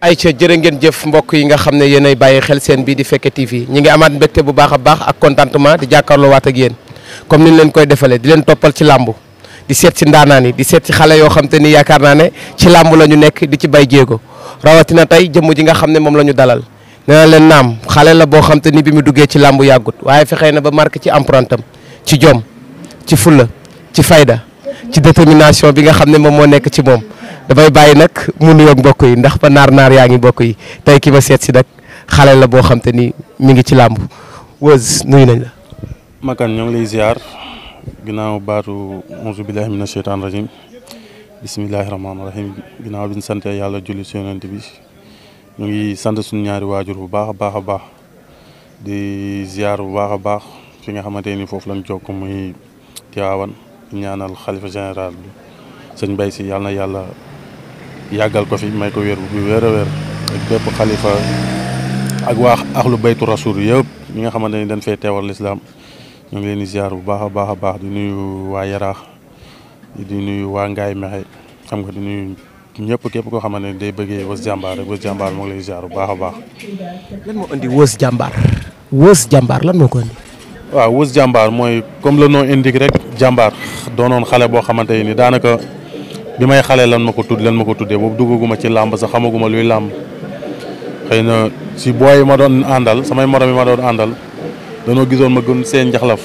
ay ca jërë ngeen jëf mbokk yi nga xam ne yéenay bàyyi xel seen bii di Fekke TV ñi ngi amaat mbégte bu baax a baax ak contentement di jàkkaarloo waat ak yéen comme ni ñu leen koy defalee di leen toppal ci làmb di seet ci ndaanaan yi di seet ci xale yoo xam te ni yaakaar naa ne ci làmb la ñu nekk di ci bay jéego rawatina tey jëmm ji nga xam ne moom la ñu dalal nee na leen naam xale la boo xam te ni bi mu duggee ci làmb yàggut waaye fexee na ba marqué ci empreinte am ci jom ci fulla ci fayda ci détermination bi nga xam ne moom moo nekk ci moom dafay bàyyi nag mu nuyoog mbokk yi ndax ba naar naar yaa ngi bokk yi tey ki ma seet si nag xale la boo xam ni mu ngi ci làmb Weuz nuyu nañ Makan ñoo ngi lay ziar ginnaaw baatu auzu billahi mina sheytaan rajim bismillahi rahmaani rahim ginnaaw bi ñu sant yàlla julli si yonent bi ñu ngi sant suñu ñaari waajur bu baax a baax a baax di ziar bu baax a baax fi nga xamante ni foofu lañ jokk muy Tiwaawan ñaanal xalifa général bi sëñ Mbaye si yàlla na yàlla. yàggal ko fi may ko wér bu wér a wér ak bépp xalifa ak waa axlu baytu rasul yëpp ñi nga xamante ni dañ fay teewal lislaam ñu ngi leen di ziar bu baax a baax a baax di nuyu waa yaraax di nuyu waa ngaay mexe xam nga di nuyu ñëpp képp koo xamante ni day bëggee wës jàmbaar rek wës jàmbaar moo lay ziar bu baax a baax. lan moo wës jàmbaar wës jàmbaar ko indi. waaw wës jàmbaar mooy comme le nom indique rek jàmbaar doonoon xale boo xamante ni daanaka. bi may xale lan ma ko tudd lan ma ko tuddee boobu duggaguma ci làmb sax xamaguma luy làmb xëy na si booy ma doon àndal samay morom yi ma doon àndal danoo gisoon ma gën seen njaxlaf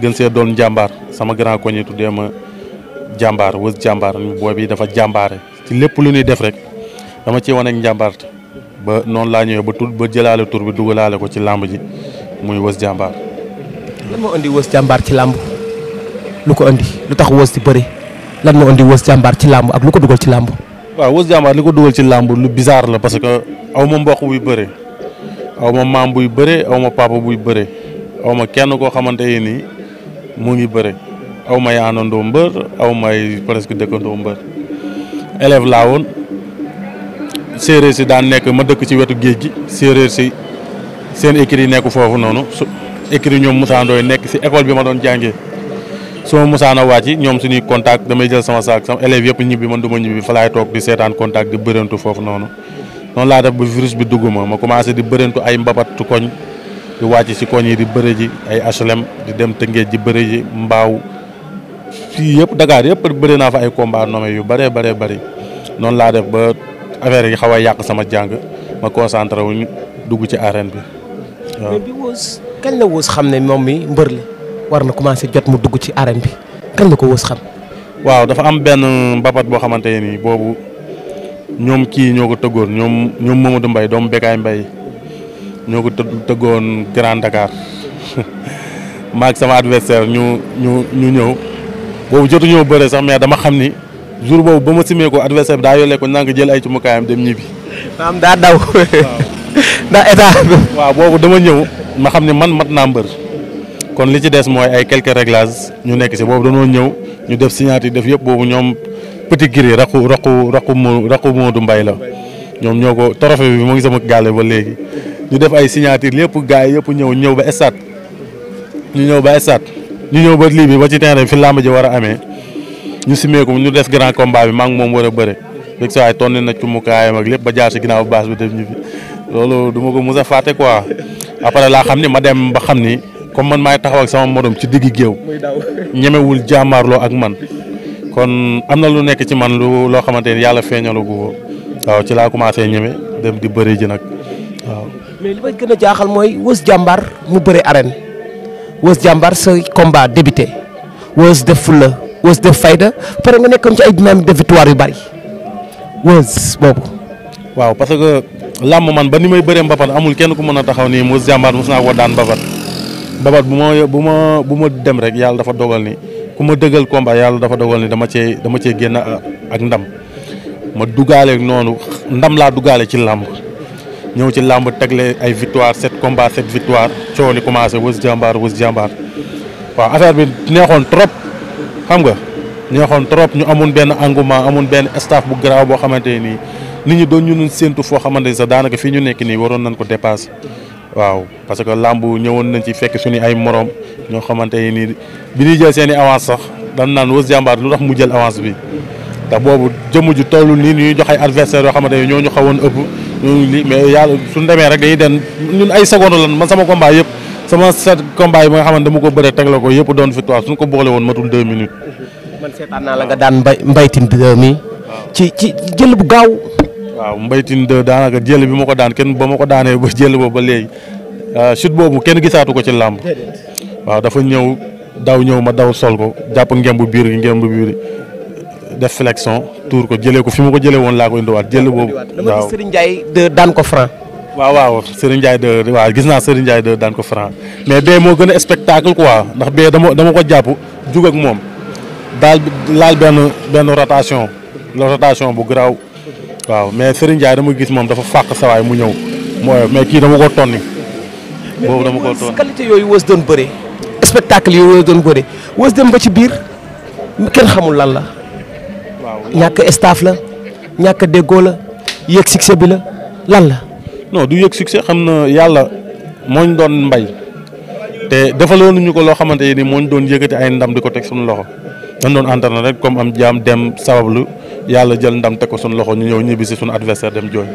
gën see doon jàmbaar sama grand ko tuddee ma jàmbaar wës jàmbaar booy bi dafa jàmbaare ci lépp lu ñuy def rek dama ciy wane ak ba noonu laa ñëwee ba tur ba jëlaale tur bi dugalaale ko ci làmb ji muy wës jàmbaar. lan moo indi wës jàmbaar ci làmb lu ko indi lu tax wës si bëri. lan moo indi Weuz Diambar ci làmb ak lu ko dugal ci làmb. waaw Weuz Diambar li ko dugal ci làmb lu bizarre la parce que aw ma mbokk buy bëre aw ma maam buy bëre aw ma buy bëre awma kenn koo xamante ne nii mu ngi bëre aw may àndandoo mbër aw may presque dëkkandoo mbër élève laa woon séeréer si daan nekk ma dëkk ci wetu géej gi séeréer si seen écrit yi nekk foofu noonu su écrit ñoom musaandooy nekk si école bi ma doon jàngee. suma musaana wàcc ñoom suñuy contact damay jël sama saak sama élèves yëpp ñibbi man du ma ñibbi fa laay toog di seetaan contact di bërantu foofu noonu noonu laa def bu virus bi dugg ma ma commencé di bërantu ay mbabattu koñ di wàcc si koñ yi di bëre ji ay HLM di dem Tëngéej ji bëre ji mbaaw fii yëpp Dakar yëpp bëri naa fa ay combat nommé yu bëree bëree bari noonu laa def ba affaire yi xaw a yàq sama jàng ma concentré wuñ dugg ci arène bi waaw. xam ne moom mi mbër la war na commencé jot mu dugg ci arène bi kan la ko wës xam. waaw dafa am benn mbapat boo xamante ne nii boobu ñoom kii ñoo ko tëggoon ñoom ñoom Mamadou Mbaye doomu Bekaay mbay ñoo ko tëggoon Grand Dakar maak sama adversaire ñu ñu ñu ñëw boobu jotu ñoo bëre sax mais dama xam ni jour boobu ba ma simee ko adversaire bi daa yolee ko nank jël ay cumukaayam dem ñibbi. maam daa daw. ndax état. waaw boobu dama ñëw ma xam ne man mat naa mbër. kon li ci des mooy ay quelques réglages ñu nekk si boobu dañoo ñëw ñu def signature def yëpp boobu ñoom petit gris raqu raqu raqu moo raqu Modou Mbaye la ñoom ñoo ko trophée bi mu ngi sama gaale ba léegi ñu def ay signature lépp gars yi yëpp ñëw ñëw ba stade ñu ñëw ba stade ñu ñëw ba lii bi ba ci terrain fi làmb ji war a amee ñu simeeku ñu def grand combat bi maa moom war a bëre rek saa waay tonne na ci mu kaayam ak lépp ba jaar si ginnaaw baas bi def ñu fi loolu du a fàtte quoi après comme man maay taxaw ak sama morom ci digg géew ñemewul jaamaarloo ak man kon am na lu nekk ci man lu loo xamante ni yàlla feeñalu ko waaw ci laa commencé ñeme dem di bëri ji nag waaw. mais li may gën a jaaxal mooy Weuz jàmbaar mu bëri arène Weuz Diambar sa combat débuté def fulla Weuz def fayda pare nga nekkoon ci ay dynamique yu bari Weuz boobu. waaw parce que làmb man ba ni may bëree mbapat amul kenn ku mën a taxaw nii Weuz Diambar mos naa ko daan mbapat. dabat bu ma bu ma bu ma dem rek yàlla dafa dogal ni ku ma dëggal combat yàlla dafa dogal ni dama cee dama cee génn ak ndam ma dugaale noonu ndam laa dugaale ci làmb ñëw ci làmb tegle ay victoire sept combat sept victoire coow li commencé wës jàmbaar wës jàmbaar waaw affaire bi neexoon trop xam nga neexoon trop ñu amoon benn engouement amoon benn staff bu garaaw boo xamante nii nit ñi doon ñu nun séentu foo xamante ni sax daanaka fii ñu nekk nii waroon nañ ko dépassé waaw parce que làmb ñëwoon nañ ci fekk suñu ay morom ñoo xamante ne nii bi ñuy jël seen i avance sax dañ naan Weuz Diambar lu tax mu jël avance bi te boobu jëmm ju toll nii ñuy jox ay adversaires yoo xamante ne ñoo ñu xawoon ëpp ñooñu li mais yàlla demee rek dañuy dem ñun ay seconde lan man sama combat yëpp sama set combat yi nga xaman ne dama ko bëree teg la ko yëpp doon victoire suñu ko boole woon matul deux minutes. man seetaan naa la nga daan mbay mbaytin euh, mi ci ci jël bu gaaw. waaw Mbaye Tine de daanaka jël bi ma ko daan kenn ba ma ko daanee ba jël boobu ba léegi euh, chute boobu kenn gisaatu ko ci làmb waaw dafa ñëw daw ñëw ma daw sol ko jàpp ngemb biir gi ngemb biir def tour tuur ko jëlee ko fi ma ko jële woon laa ko indiwaat jël boobu. waaw Serigne ko franc. waaw waaw Serigne Ndiaye de waaw gis naa Serigne Ndiaye de daan ko franc mais bee moo gën a spectacle quoi ndax bee dama dama ko jàpp jug ak moom daal laal benn benn rotation la rotation bu garaaw. waaw mais Serigne Ndiaye dama gis moom dafa fàq sawaay mu ñëw mooy mais kii dama ko tonni boobu dama ko tonni qualité yooyu wës doon bëri spectacle yooyu wës doon bëri wës dem ba ci biir kenn xamul lan la ñàkk staff la ñàkk déggoo la yëg succès bi la lan la non du yëg succès xam na yàlla moo ñu doon mbay te defaloonu ñu ko loo xamante ni moo ñu doon yëkkati ay ndam di ko teg suñu loxo dañ doon entraîné rek comme am jaam dem sabablu yàlla jël ndam te ko suñu loxo ñu ñëw ñibbi suñu adversaire dem jooy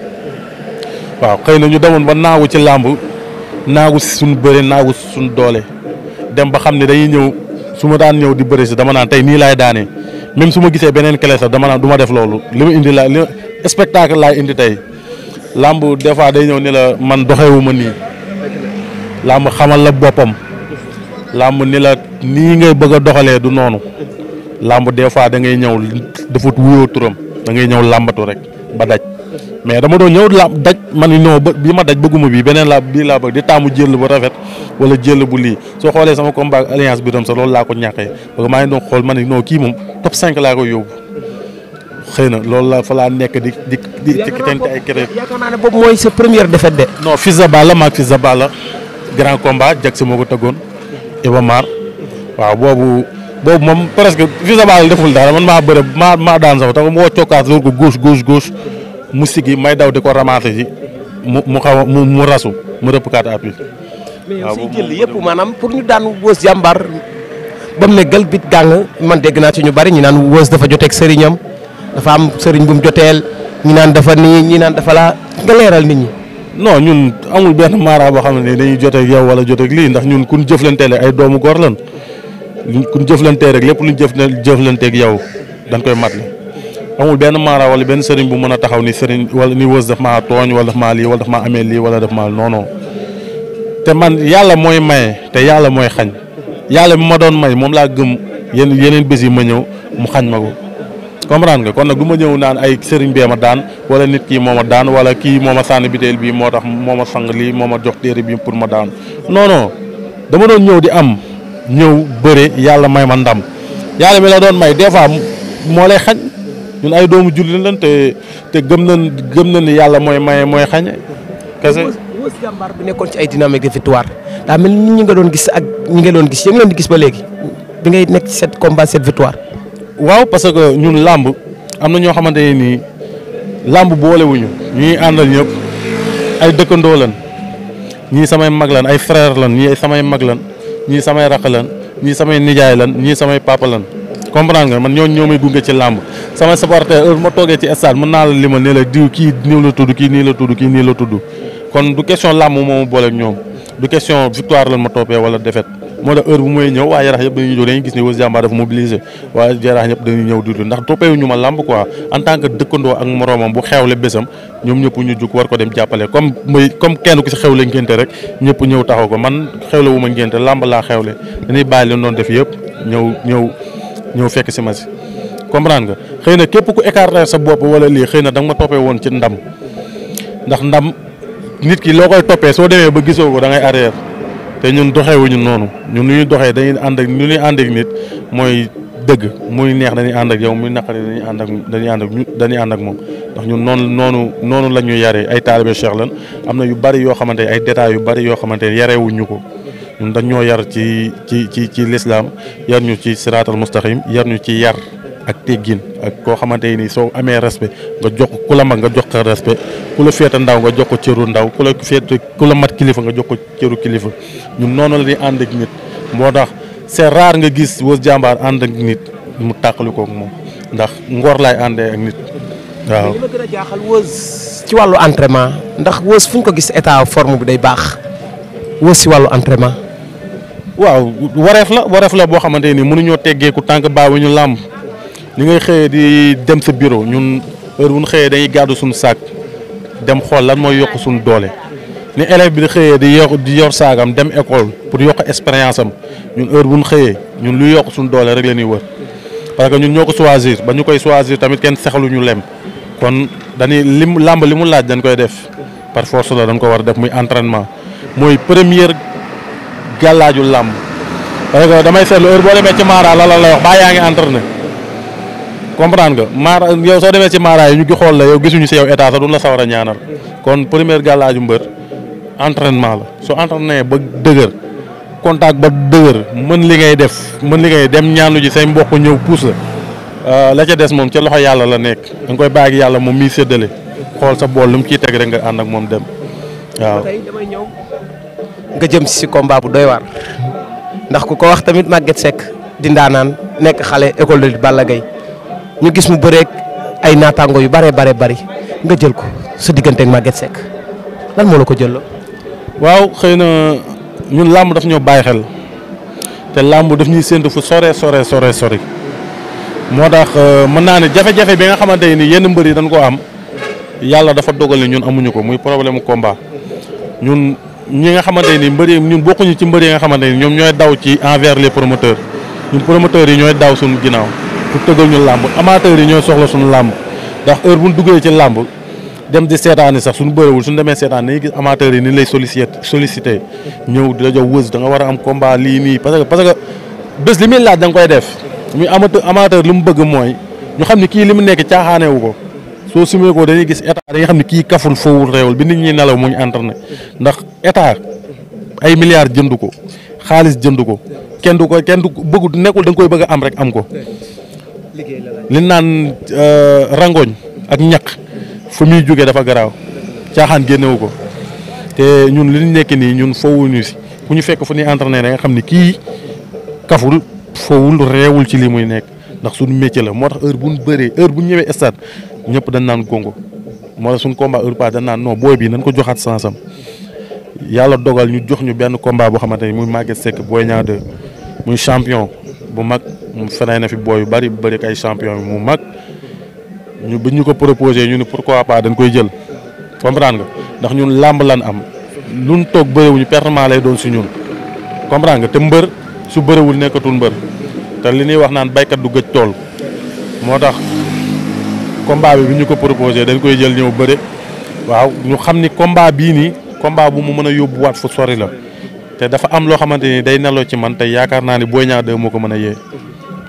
waaw xëy na ñu demoon ba naagu ci làmb naagu si suñu bëre naagu suñu doole dem ba xam ne dañuy ñëw su ma daan ñëw di bëri si dama naan tey nii lay daanee même su ma gisee beneen clé dama naan duma def loolu li ma indi la li spectacle laay indi tey làmb des fois day ñëw ni la man doxewu ma nii làmb xamal la boppam làmb ni la nii ngay bëgg a doxalee du noonu làmb des fois da ngay ñëw defut wuyoo turam da ngay ñëw làmbatu rek ba daj mais dama doon ñëw làmb daj man non ba bi ma daj bëgguma bii beneen laa bii laa bëgg di taamu jël bu rafet wala jël bu lii soo xoolee sama combat ak alliance bi tam sax loolu laa ko ñàkkee parce que maa ngi doon xool man non kii moom top 5 laa koy yóbbu xëy na loolu la fa laa nekk di di di di tente ay créé. yaakaar naa ne boobu mooy sa première défaite de. non Fils de Balla maag Fils de Balla grand combat jag ko tëggoon boobu moom presque Fils de Balla deful dara man maa bëre maa daan sax tam moo cokkaas loolu ko gauche gauche gauche mu siggi may daw di ko ramaté ji mu mu xaw a mu mu rasu mu rëpp quatre appui. waaw maanaam pour ñu daan wóos jàmbaar ba mu ne gal bit man dégg naa ci ñu bari ñu naan wóos dafa joteeg sëriñam dafa am sëriñ bu mu joteel ñu naan dafa nii ñi naan dafa laa nga leeral nit ñi. non ñun amul benn maara boo xam ne dañu joteeg yow wala joteeg lii ndax ñun kun jëflante ay doomu góor lan luñ ku ñu jëflantee rek lépp lu jëf jëflanteeg yow dañ koy mat amul benn maara wala benn sëriñ bu mën a taxaw ni sëriñ wala ni wës daf maa tooñ wala daf maa lii wala daf maa amee lii wala daf maa non te man yàlla mooy maye te yàlla mooy xañ yàlla mi ma doon may moom laa gëm yenn yeneen bis yi ma ñëw mu xañ ma ko comprendre nga kon nag du ma ñëw naan ay sëriñ bee ma daan wala nit kii moo ma daan wala kii moo ma sànni biteel bii moo tax moo ma sang lii moo ma jox téere bi pour ma daan non dama doon ñëw di am ñëw bëre yàlla may ma ndam yàlla mi la doon may des fois moo lay xañ ñun ay doomu jullit lañ te gëm nañ gëm nañ ni yàlla mooy maye mooy xañe kese bi nekkoon ci ay dynamique de victoire daa mel ni ñi nga doon gis ak ñi nga doon gis yéen leen di gis ba léegi bi ngay nekk ci sept combat victoire waaw parce que ñun làmb am na ñoo xamante ne nii làmb boolewuñu ñuy àndal ñëpp ay dëkkandoo lan ñii samay mag lan ay frère lan ñii samay mag lan ñii samay rakk lan ñii samay nijaay lan ñii samay papa lan comprendre nga man ñooñu ñoo may gunge ci làmb sama supporter heure ma toogee ci stade mën naa la limal ne la diw kii nii la tudd kii nii la tudd kii nii la tudd kon du question làmb moo ma booleeg ñoom du question victoire lan ma toppee wala defet moo tax heure bu may ñëw waa Yaraax yëpp dañuy ñëw dañuy gis ne Weuz Diambar dafa mobiliser waaye Yaraax ñëpp dañuy ñëw di ndax toppeewu ñu ma làmb quoi en tant que dëkkandoo ak moroomam bu xewle bésam ñoom ñëpp ñu jug war ko dem jàppale comme muy comme kenn ku si xewle ngénte rek ñëpp ñëw taxaw ko man la wu ma ngénte làmb laa xewle dañuy bàyyi leen doon def yëpp ñëw ñëw ñëw fekk si ma si comprendre nga xëy na képp ku écarter sa bopp wala lii xëy na da ma toppee woon ci ndam ndax ndam nit ki loo koy toppee soo demee ba gisoo ko da ngay arrière te ñun doxewuñu noonu ñun lu ñuy doxee dañuy ànd ak lu ñuy ànd ak nit mooy dëgg muy neex dañuy ànd ak yow muy naqari dañuy ànd ak dañuy dañuy ànd ak moom ndax ñun noonu noonu noonu la ñu yaree ay taalibe Cheikh lan am na yu bari yoo xamante ne ay détails yu bari yoo xamante ne yarewuñu ko ñun dañ yar ci ci ci ci lislaam yar ñu ci siraatal mustaqim yar ñu ci yar ak teggin ak koo xamante nii soo amee respect nga jox ku la mag nga jox ko respect ku la féete ndaw nga jox ko cëru ndaw ku la féete kilifa nga jox ko cëru kilifa ñun noonu la di ànd ak nit moo tax c'est rare nga gis Weuz Diambar ànd ak nit mu tàqali koog moom ndax ngor laay àndee ak nit waaw. li ndax Weuz fu ko gis forme bi day baax Weuz si wàllu entraînement. waaw wareef la wareef la boo xamante ni mënuñoo teggeeku tànk baa wu ñu làmb ñu ngay xëyee di dem sa bureau ñun heure bu ñu xëyee dañuy gàddu suñu saak dem xool lan mooy yokk suñu doole ni élève bi di xëyee di yor di yor saagam dem école pour yokk expérience am ñun heure bu ñu xëyee ñun lu yokk suñu doole rek la ñuy wër parce que ñun ñoo ko choisir ba ñu koy choisir tamit kenn sexalu ñu lem kon dañuy lim làmb li mu laaj dañ koy def par force la dañ ko war a def muy entraînement mooy première gàllaaju làmb parce que damay seetlu heure boo demee ci maara comprendre nga maara yow soo demee ci maara yi ñu gi xool la yow gisuñu si yow état sax duñ la sawar a ñaanal kon première gàllaaju mbër entraînement la soo entraîné ba dëgër contact ba dëgër mën li ngay def mën li ngay dem ñaanu ji say mbokk ñëw puus la euh, la ca des moom ca loxo yàlla la nekk da nga koy bàyyi yàlla moom miy séddale xool sa bool lu mu ciy teg rek nga ànd ak moom dem waaw. nga jëm si combat bu doy waar ndax ku ko wax tamit Maguette Seck di ndaanaan nekk xale école de Balla ñu gis mu bëreeg ay naataango yu bare bare bari nga jël ko sa diggante ak Maguette Seck lan moo la ko jël waaw xëy na ñun làmb daf ñu bàyyi xel te làmb daf ñuy séntu fu sore sore sore sori moo tax euh, mën naa ne jafe-jafe bi nga xamante ni yenn mbër yi dañ koo am yàlla dafa dogal ne ñun amuñu ko muy problème combat ñun ñi nga xamante ni mbër yi ñun bokkuñu ci mbër yi nga xamante ni ñoom ñooy daw ci envers les promoteurs ñun promoteurs pour tëggal ñu làmb amateurs yi ñoo soxla suñu làmb ndax heure bu ñu duggee ci làmb dem di seetaani sax suñu bëriwul suñu demee seetaan dañuy gis amateurs yi a nii parce que bés li muy laaj da nga koy def muy amateur lu mu bëgg mooy ñu xam ne kii li mu nekk caaxaanewu ko soo sumee ko dañuy gis état dañuy xam ne kii kaful foowul réewul bi nit ñi nelaw mu ñu entraîné ndax état ay milliards jënd ko xaalis jënd ko kenn du ko kenn du bëggu nekkul da nga koy bëgg a ko li naan euh, rangoñ ak ñaq fu muy jógee dafa garaaw caaxaan génnewu ko te ñun li ñu nekk nii ñun foowuñu si ku ñu fekk fu ñuy entraîné nga xam ni kii kaful foowul reewul ci lii muy nekk ndax suñu métier la moo tax heure bu ñu bëree heure bu ñëwee stade ñëpp dañ naan gongo moo tax suñu combat heure pas dañ naan non booy bi nañ ko joxaat sansam yàlla dogal ñu jox ñu benn combat boo xamante ni muy Maguette Seck Boy Niang 2 muy champion bu mag mu feneen na fi booy bari bëri bëri ay champion mu mag ñu bi ñu ko proposé ñu ni pour pourquoi pas dañ koy jël comprendre nga ndax ñun làmb lan am luñ toog bëriwuñu pertement lay doon si ñun comprendre nga te mbër su bëriwul nekkatul mbër te li ñuy wax naan baykat du gëj tool moo tax combat bi bi ñu ko proposé dañ koy jël ñëw bëre waaw ñu xam ni combat bii nii combat bu mu mën a yóbbuwaat fu sori la. te dafa am loo xamante ni day neloo ci man te yaakaar naa ni boo ñaar 2 moo ko mën a yee.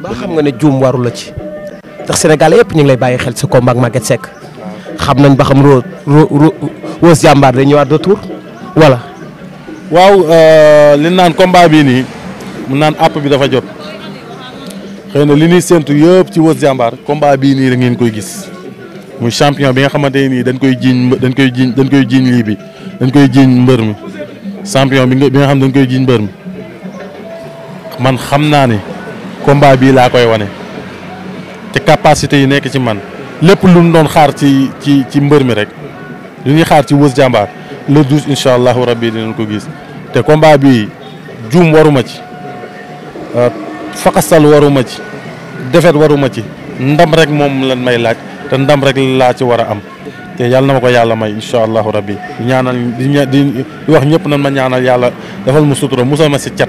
ba xam nga ne juum waru la ci. ndax Sénégal yëpp ñu ngi lay bàyyi xel si combat ak sekk xam nañ ba xam ro ro Rose Diambar waaw euh, li naan combat bii nii mu naan àpp bi dafa jot xëy na li ñuy séntu yëpp ci Rose Diambar combat bii nii da ngeen koy gis muy champion bi nga xamante nii dañ koy jiiñ dañ koy jiiñ dañ koy jiiñ lii bi dañ koy jiiñ mbër mi. champion bi nga xam dañ koy jiñ mbër mi man xam naa ni combat bii laa koy wane te capacité yi nekk ci man lépp lu mu doon xaar ci ci ci mbër mi rek lu ñuy xaar ci wës jàmbaar le douze incha allahu rabbi dinañ ko gis te combat bi juum waruma ci euh, fakasal waruma ci defet waruma ci ndam rek moom lan may laaj te ndam rek laa ci war a am te yàlla na ma ko yàlla may incha allahu rabbi ñaanal di wax ñëpp nan ma ñaanal yàlla defal mu sutura musal ma si cat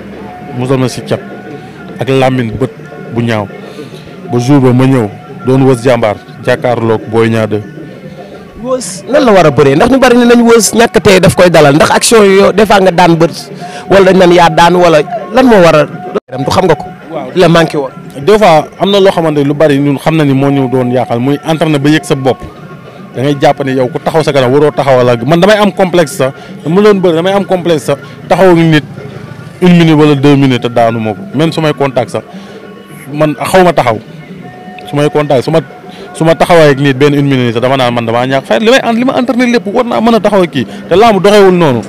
musal ma si cat ak làmmiñ bët bu ñaaw ba jour ba ma ñëw doon wës jàmbaar jàkkaarloog booy ñaade. wës nan la war a bëree ndax ñu bari ne nañ wës ñàkk tey daf koy dalal ndax action yo des fois nga daan bët wala dañ naan yaa daan wala lan moo war a. du xam nga ko. waaw la manqué woon. des fois am na loo xamante lu bari ñun xam na ni moo ñu doon yaaxal muy entraîné ba yëg sa bopp. dangay jàpp ne yow ku taxaw sa kanam waroo taxawal ak man damay am complexe sax dama doon bëri damay am complexe sax taxaw nit une minute wala deux minutes te daanu ma ko même su may contact sax man xaw ma taxaw su may contact su ma su ma taxawaay ak nit benn une minute sax dama naan man damaa ñàkk fay li may li lépp war naa mën a taxaw ak kii te laamu doxewul noonu.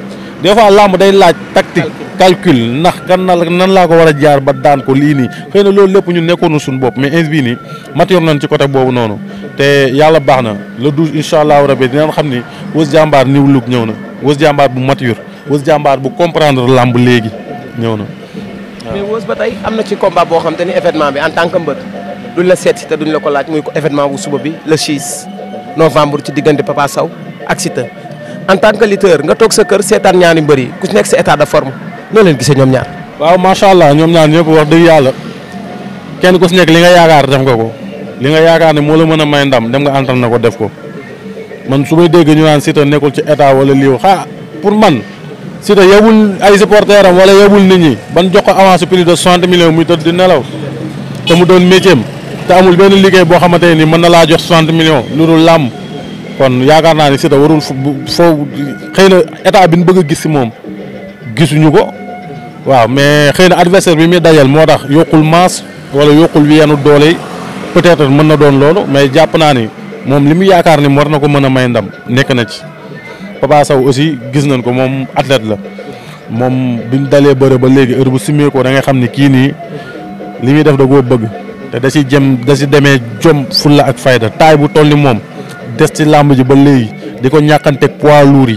des fois làmb day laaj tactique calcul ndax kan na nan laa ko war a jaar ba daan ko lii nii xëy na loolu lépp ñu nekkoonu suñu bopp mais ins bii nii matière nañ ci côté boobu noonu te yàlla baax na le douze incha allahu rabi dinañ xam ni Weuz Diambar niw lug ñëw na Weuz jàmbaar bu mature Weuz jàmbaar bu comprendre làmb léegi ñëw na mais Weuz ba tey am na ci combat boo xam te ni événement bi en tant que mbër duñ la seet te duñ la ko laaj muy ko événement bu suba bi le 6 novembre ci diggante Papa Sow ak Siteu en tant que lutteur nga toog sa kër seetaan ñaari mbër yi ku ci nekk sa état de forme noo leen gisee ñoom ñaar. waaw macha allah ñoom ñaar ñëpp wax dëgg yàlla kenn ku ci nekk li nga yaakaar def nga ko li nga yaakaar ne moo la mën a may ndam dem nga na ko def ko man su may dégg ñu naan Siteu nekkul ci état wala lii xaa pour man Siteu yebul ay supporters am wala yebul nit ñi ban jox ko avance plus de soixante millions muy tëdd nelaw te mu doon m te benn liggéey boo xamante ne nii mën na laa jox soixante millions lu dul làmb kon yaakaar naa ne Siteu warul foo xëy na état bi nu bëgg a gis si moom gisuñu ko waaw mais xëy na adversaire bi muy dajal moo tax yokkul maas wala yokkul wi yenu doole peut-être mën na doon loolu mais jàpp naa ni moom li mu yaakaar ni war na ko mën a may ndam nekk na ci Papa Sow aussi gis nañ ko moom athlète la moom bi mu dalee bëre ba léegi heure bu simee da ngay xam ni kii nii li muy def da koo bëgg te da si jëm da si demee jom fulla ak fayda taay bu toll ni moom. des làmb ji ba léegi di ko ñàkkanteeg poids lourd yi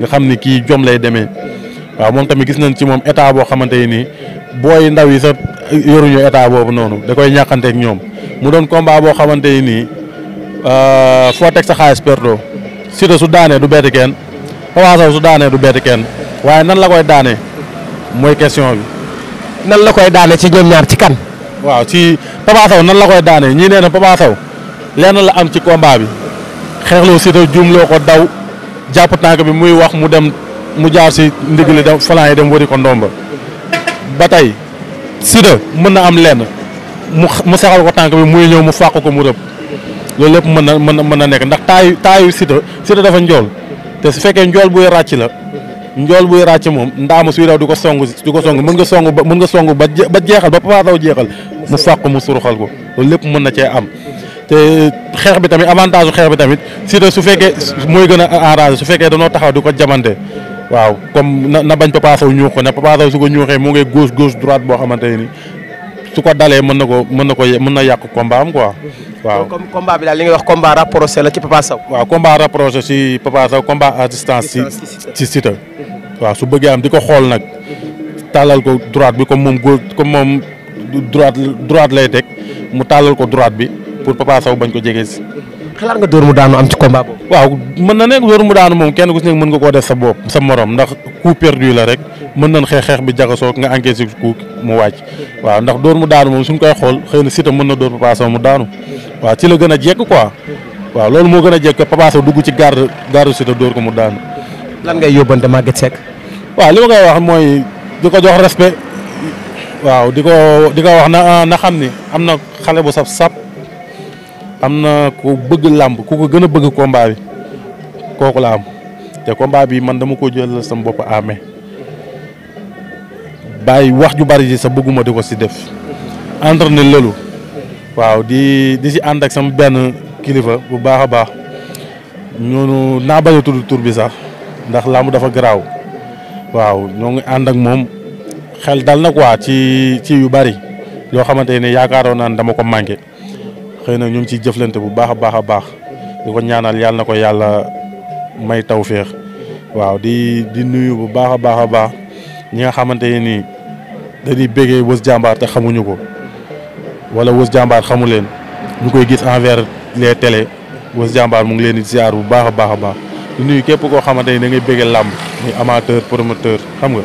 nga xam ni kii jom lay demee waaw moom tamit gis nañ ci moom état boo xamante yi nii booy ndaw yi sax yoruñu état boobu noonu da koy ñàkkanteeg ñoom mu doon combat boo xamante yi nii euh, foo teg sa xaalis perdo Siteu su daanee du bett kenn Papa su daanee du bett kenn waaye nan la koy daanee mooy question bi. nan la koy daane ci ñoom ñaar ci kan. waaw ci Papa Sow nan la koy daane ñii nee na Papa Sow lenn la am ci combat bi xeexloo Siteu juumloo ko daw jàpp tànk bi muy wax mu dem mu jaar si li dem falan yi dem wari ko ndomba ba tey Siteu mën na am lenn mu mu saxal ko tànk bi muy ñëw mu fàq ko mu rëb loolu lépp mën na mën na mën na nekk ndax taayu taayu Siteu Siteu dafa njool te su fekkee njool buy ràcc la njool buy ràcc moom ndaama suy daw di ko song di ko song mën nga song ba mun nga song ba jeexal ba Papa jeexal mu fàq mu suruxal ko loolu lépp mën na cee am te xeex bi tamit avantage su xeex bi tamit Siteu su fekkee mooy gën a arrangé su fekkee danoo taxaw di ko jamante waaw comme na na bañ Papa Sow ñuux ko ne Papa su ko ñuuxee mu ngi gauche gauche droite boo xamante ne ni su ko dalee mën na ko mën na ko mën na yàq combat am quoi. waaw comme combat bi daal li nga wax combat rapproché la ci Papa Sow. waaw combat rapproché si Papa waaw su bëggee am di ko xool nag. tàllal ko droite bi comme moom gauche comme moom droite droite lay teg mu tàllal ko droite bi. pour Papa Sow bañ ko jege si. xalaat nga dóor mu daanu am ci combat boobu. waaw mën na nekk dóor mu moom kenn ku si nekk mën nga koo def sa bopp sa morom ndax coup perdu la rek mën nañ xeex xeex bi jaxasoo nga encaissé coup mu wàcc waaw ndax dóor mu daanu moom suñ koy xool xëy na Siteu mën na dóor Papa mu daanu waaw ci la gën a jekk quoi loolu moo gën a jekk Papa dugg ci garde garde Siteu dóor ko mu daanu. lan ngay yóbbante Maguette Seck. waaw li ma koy wax mooy di ko jox respect waaw di ko di ko wax na na xam ni am na xale bu saf am na ko bëgg làmb ku ko gën a bëgg combat bi kooku la am te combat bi man dama ko jël sama bopp amee bàyyi wax ju bari ji sa bëgguma di ko si def entraîné lelu waaw di di si ànd ak sama benn kilifa bu baax a baax ñoonu naa bañ a tur bi sax ndax làmb dafa garaaw waaw ñoo ngi ànd ak moom xel dal na ko ci ci yu bari yoo xamante ne yaakaaroon naan dama ko manqué xëy na ñu ngi ciy jëflante bu baax a baax a baax di ko ñaanal yàlla na ko yàlla may taw feex waaw di di nuyu bu baax a baax a baax ñi nga xamante ne nii dañuy bégee Weuz jàmbaar te xamuñu ko wala Weuz jàmbaar xamu leen ñu koy gis envers les télé Weuz jàmbaar mu ngi leen di ziar bu baax a baax baax di nuyu képp koo xamante ni da ngay bégee làmb muy amateur promoteur xam nga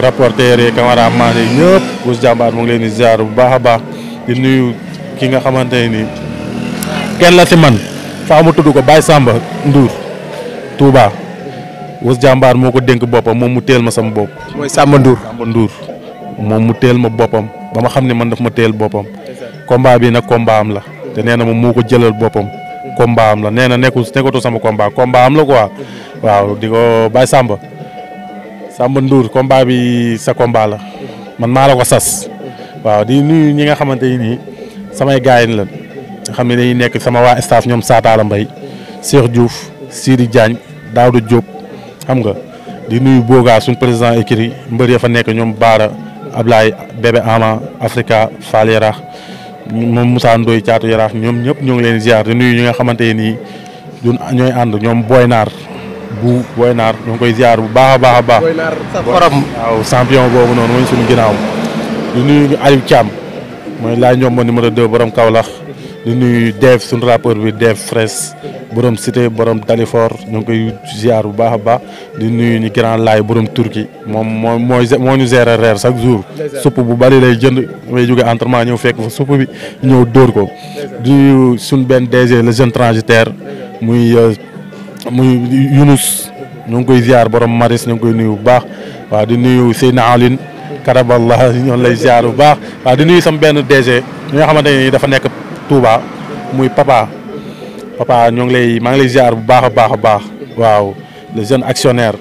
rapporteur yi cameraman yi ñëpp Weuz Diambar mu ngi leen di ziar bu baax a baax di nuyu ki nga xamante ne nii kenn la si man faa ma tudd ko Baye Samba Ndour Touba was jàmbaar moo ko dénk boppam moom mu teel ma sama bopp. mooy Samba Ndour Samba Ndour moom mu teel ma boppam ba ma xam ne man daf ma teel boppam. combat bi nag combat am la te nee na moom moo ko jëlal boppam. combat am la nee na nekkul nekkatu sama combat combat am waaw di ko Baye Samba Samba nduur komba bi sa combat la man maa la ko sas waaw di nuyu ñi nga xamante ni. samay gars yi la xam ne dañuy nekk sama waa staff ñoom Saataala Mbaye Cheikh Diouf Sidi Diagne Daouda Diop xam nga di nuyu Boga suñ président écrit mbër ya fa nekk ñoom Baara Ablaye Bébé Ama Africa Fall Yaraax moom Moussa Ndoye Caatu Yaraax ñoom ñëpp ñoo ngi leen ziar di nuyu ñi nga xamante nii ñun ñooy ànd ñoom Boy Naar bu Boy Naar ñoo koy ziar bu baax a baax a baax. Boy Naar sa forom waaw champion boobu noonu mooy suñu ginnaaw di nuyu Aliou Thiam mooy laa ñoom ma numéro 2 borom Kaolack di nuyu Dev suñu rappeur bi Dev Fresh borom Cité borom Dalifor ñu ngi koy ziar bu baax a baax di nuyu ñu grand laay borom Turki moom moo moo moo ñu gérer reer chaque jour. supp bu bari lay jënd may jóge entraînement ñëw fekk fa supp bi ñëw dóor ko. di nuyu suñ benn DG le jeune transitaire muy euh, muy Younous ñu ngi koy ziar borom Maris ñu ngi koy nuyu bu baax waaw di nuyu Seyna karamallah ñoon lay ziar bu baax waaw di nuyu sam benn DG ñi nga xamante dafa nekk Touba muy papa papa ñoo ngi lay maa ngi lay ziar bu baax a baax a baax waaw le jeune actionnaire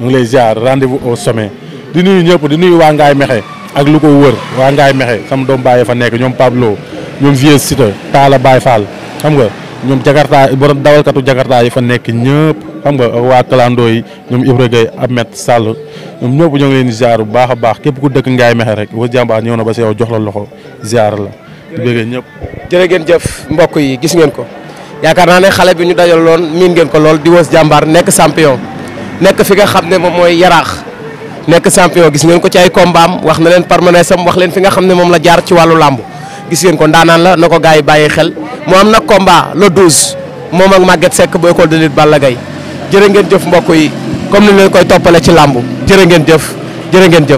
ñu ngi lay ziar rendez-vous au sommet di nuyu ñëpp di nuy waa Ngaay Mexe ak lu ko wër waa Ngaay Mexe sama doom bàyyi fa nekk ñoom Pablo ñoom Vieux Cité Talla Baye Fall xam nga ñoom Jakarta borom dawalkatu Jakarta yi fa nekk ñëpp. xam nga waa kalandoo yi ñoom Ibra Gueye Ahmed Sall ñoom ñëpp ñoo ngi leen ziar bu baax a baax képp ku dëkk Ngaye Mekhe rek Weuz Diambar ñëw na ba si yow jox la loxo ziar la di bëggee ñëpp jërë mbokk yi gis ngeen ko yaakaar naa ne xale bi ñu dajal loon miin ngeen ko lool di Weuz Diambar nekk champion nekk fi nga xam ne moom mooy yaraax nekk champion gis ngeen ko ci ay kombaam wax na leen permanence am wax leen fi nga xam ne moom la jaar ci wàllu làmb gis ngeen ko ndaanaan la na ko gars yi bàyyi xel mu am nag combat le 12 moom ak Maguette Seck bu école de lutte Balla jëre ngeen jëf mbokk yi comme ni ñu leen koy toppale ci làmb jërë ngeen jëf jërë ngeen jëf